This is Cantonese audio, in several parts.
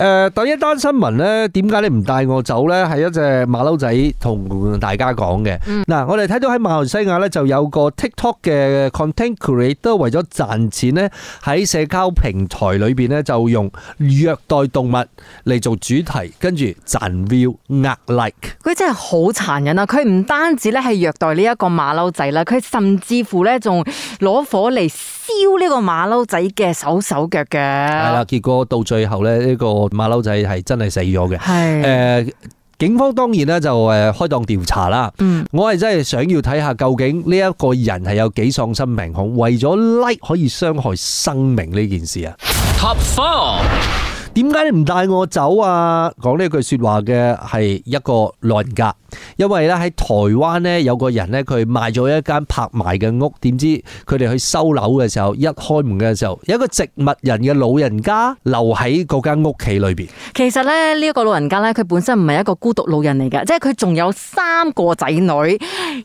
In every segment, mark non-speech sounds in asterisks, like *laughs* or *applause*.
誒第、呃、一單新聞咧，點解你唔帶我走咧？係一隻馬騮仔同大家講嘅。嗱、嗯啊，我哋睇到喺馬來西亞咧，就有個 TikTok 嘅 content creator 都為咗賺錢咧，喺社交平台裏邊咧就用虐待動物嚟做主題，跟住賺 view、嗯、額 like。佢真係好殘忍啊！佢唔單止咧係虐待呢一個馬騮仔啦，佢甚至乎咧仲攞火嚟，雕呢個馬騮仔嘅手手腳腳，係啦，結果到最後咧，呢、這個馬騮仔係真係死咗嘅。係誒是、呃，警方當然咧就誒開檔調查啦。嗯，我係真係想要睇下究竟呢一個人係有幾喪心病狂，為咗拉、like、可以傷害生命呢件事啊。Top four。點解你唔帶我走啊？講呢句說話嘅係一個老人家，因為咧喺台灣咧有個人咧佢賣咗一間拍賣嘅屋，點知佢哋去收樓嘅時候，一開門嘅時候，有一個植物人嘅老人家留喺嗰間屋企裏邊。其實咧呢一個老人家咧，佢本身唔係一個孤獨老人嚟嘅，即係佢仲有三個仔女，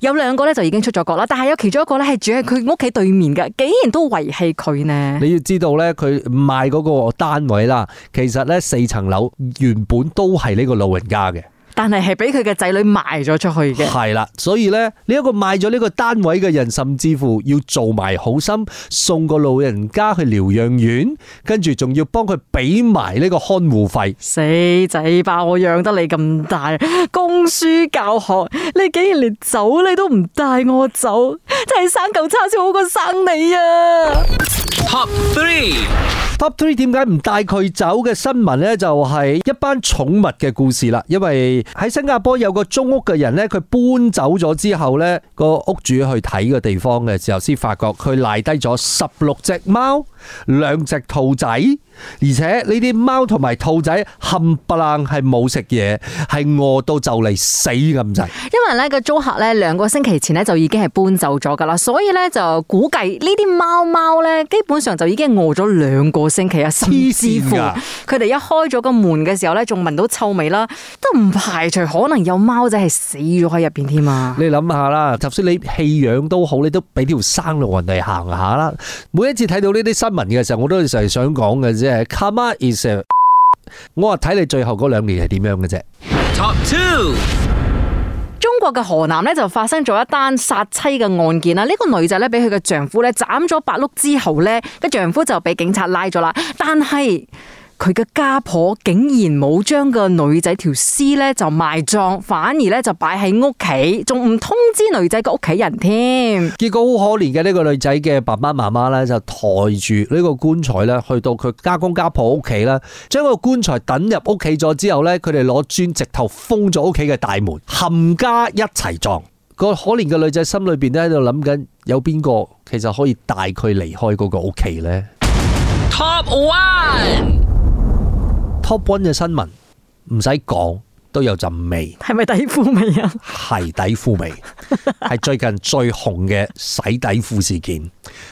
有兩個咧就已經出咗國啦，但係有其中一個咧係住喺佢屋企對面嘅，竟然都遺棄佢呢？你要知道咧，佢賣嗰個單位啦，其實咧，四層樓原本都係呢個老人家嘅，但係係俾佢嘅仔女賣咗出去嘅。係啦，所以呢，呢一個賣咗呢個單位嘅人，甚至乎要做埋好心，送個老人家去療養院，跟住仲要幫佢俾埋呢個看護費。死仔巴，我養得你咁大，供書教學，你竟然連走你都唔帶我走，真係生舊叉燒好過生你啊！Top three。Top three，點解唔帶佢走嘅新聞咧？就係一班寵物嘅故事啦。因為喺新加坡有個租屋嘅人咧，佢搬走咗之後咧，個屋主去睇個地方嘅時候，先發覺佢賴低咗十六隻貓、兩隻兔仔，而且呢啲貓同埋兔仔冚唪唥係冇食嘢，係餓到就嚟死咁滯。因為咧個租客咧兩個星期前咧就已經係搬走咗噶啦，所以咧就估計呢啲貓貓咧基本上就已經餓咗兩個。個星期啊，甚至乎，佢哋一開咗個門嘅時候咧，仲聞到臭味啦，都唔排除可能有貓仔係死咗喺入邊添啊！你諗下啦，就算你棄養都好，你都俾條生路人哋行下啦。每一次睇到呢啲新聞嘅時候，我都成日想講嘅啫，即係 Karma is，我話睇你最後嗰兩年係點樣嘅啫。Top two。中國嘅河南咧就發生咗一單殺妻嘅案件啦！呢、這個女仔咧俾佢嘅丈夫咧斬咗八碌之後咧，個丈夫就俾警察拉咗啦，但係，佢嘅家婆竟然冇將個女仔條屍咧就埋葬，反而咧就擺喺屋企，仲唔通知女仔個屋企人添。結果好可憐嘅呢個女仔嘅爸爸媽媽咧就抬住呢個棺材咧去到佢家公家婆屋企啦，將個棺材等入屋企咗之後咧，佢哋攞磚直頭封咗屋企嘅大門，冚家一齊葬。個可憐嘅女仔心裏邊都喺度諗緊，有邊個其實可以帶佢離開嗰個屋企咧？Top One。Top One 嘅新聞唔使講都有陣味，係咪底褲味啊？係底褲味，係 *laughs* 最近最紅嘅洗底褲事件。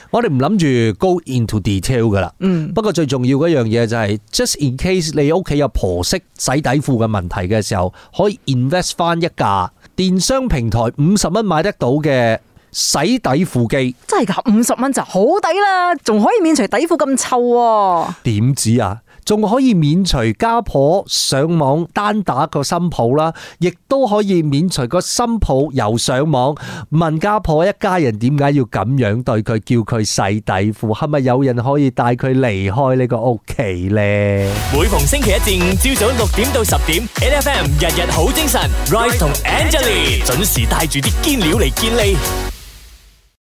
我哋唔諗住 go into detail 噶啦。嗯，不過最重要嗰樣嘢就係、是嗯，just in case 你屋企有婆媳洗底褲嘅問題嘅時候，可以 invest 翻一架電商平台五十蚊買得到嘅洗底褲機。真係噶，五十蚊就好抵啦，仲可以免除底褲咁臭啊。點止啊？仲可以免除家婆上網單打個新抱啦，亦都可以免除個新抱又上網問家婆一家人點解要咁樣對佢，叫佢洗底褲，係咪有人可以帶佢離開呢個屋企呢？每逢星期一至五朝早六點到十點，NFM 日日好精神，Rise 同 Angelie 準時帶住啲堅料嚟見你。